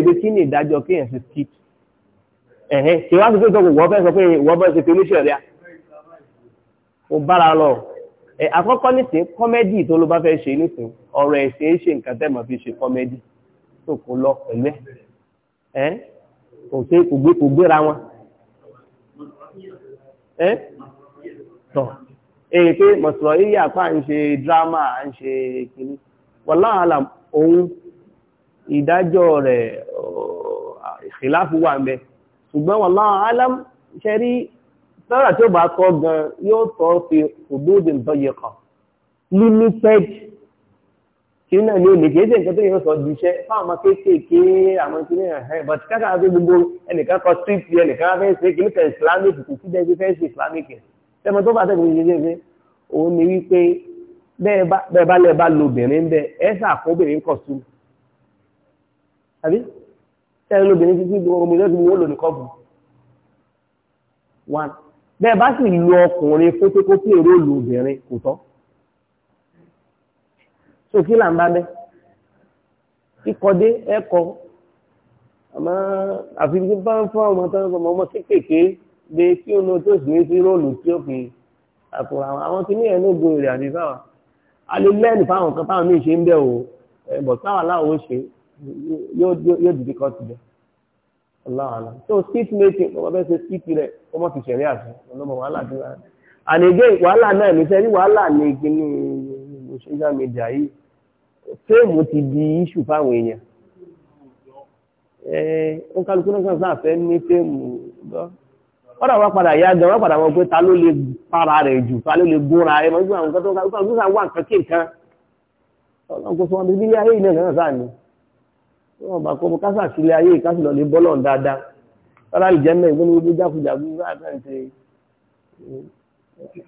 béèrè pé kí ni ìdájọ́ kéèyàn ṣe skit ẹ̀hẹ́ kí wọ́n á ti pé tọkùn wọ́n fẹ́ sọ pé wọ́n fẹ́ ṣe tolúṣẹ̀ rẹ̀ ó bára lọ ẹ àkọ́kọ́ nísìn kọ́mẹ́dì tó ló bá fẹ́ ṣe nísìn ọ̀rọ̀ ẹ̀sìn ṣe nǹkan tẹ́ mọ̀ fi ṣe kọ́mẹ́dì tó kò lọ pẹ̀lú ẹ̀ kò ṣe kò gbé kò gbéra wọn ẹ̀ tọ̀ èyí pé mọ̀sọ̀rọ̀ yìí àpá ń ṣe dírámà ń ṣe kìíní wọ́n láàlà òun ìdájọ́ rẹ̀ ìláfù wà ń bẹ ṣùgbọ́n wallahu alam ṣe rí lọ́rọ̀ tí ó bá tọ́ gan yóò tọ́ fi òbóde ìbọyẹ kan limited kí náà ní olè kéèké nǹkan tó yẹ sọ di iṣẹ́ fáwọn ọmọ kéékèèké àwọn tí náà ẹ̀ bọ̀tí káàkiri àti gbogbo ẹnìkan kọ street yẹn nìkan fẹ́ ṣe kí nìkan islamic kò sí dẹ́gbẹ́ fẹ́ ṣe islamic tẹ́mọ tó bá tẹ̀ ní ṣe ṣe òun ni wípé bẹ́ẹ̀ bá lẹ́ẹ̀ bá lobìnrin bẹ́ẹ̀ ẹ̀ sàkóbìnrin kọ̀ sí tẹ́lẹ̀ lóbìnrin títí gbogbo omi lọ́dún yóò lò ní kọ́ọ̀bù one bẹ́ẹ̀ bá sì lu ọkùnrin kótókótó èrò lu obìnrin kò tọ́ so kí là ń bá bẹ́ kíkọdé ẹ̀kọ́ àmọ́ àfi tí bá ń fún àwọn ọmọ ọmọ ọmọ kéékèèké de kí òun tó sì ní sí róòlù tí ó fi àkùrọ̀ àwọn àwọn kìíní ẹ̀ ló gbòòrè àdìsáwà a lè lẹ́nu fáwọn kan táwọn míì ṣe ń bẹ̀ wò ẹ̀ bọ̀ táwọn aláwo ṣe é. yóò yóò dìde ti aláàlá so street making ọmọ bẹ́ẹ̀ ṣe ọmọ ti ṣẹ̀rí àti ọlọ́mọ wàhálà wàhálà náà ní sẹ́rí wàhálà ní ti di fáwọn èèyàn. Eh, ó sáà fẹ́ ní fíìmù gbọ́. padà yá gan wọ́n padà wọ́n pé ta ló lè para rẹ̀ jù ta ló lè gúnra tó wọn wọn bá kó bó kásà sílé ayé kásì lọ lè bọ́lọ̀ dáadáa sálárì jẹ́ mẹ́rin gbóni gbogbo jákujàgbó bá àtàǹtẹ̀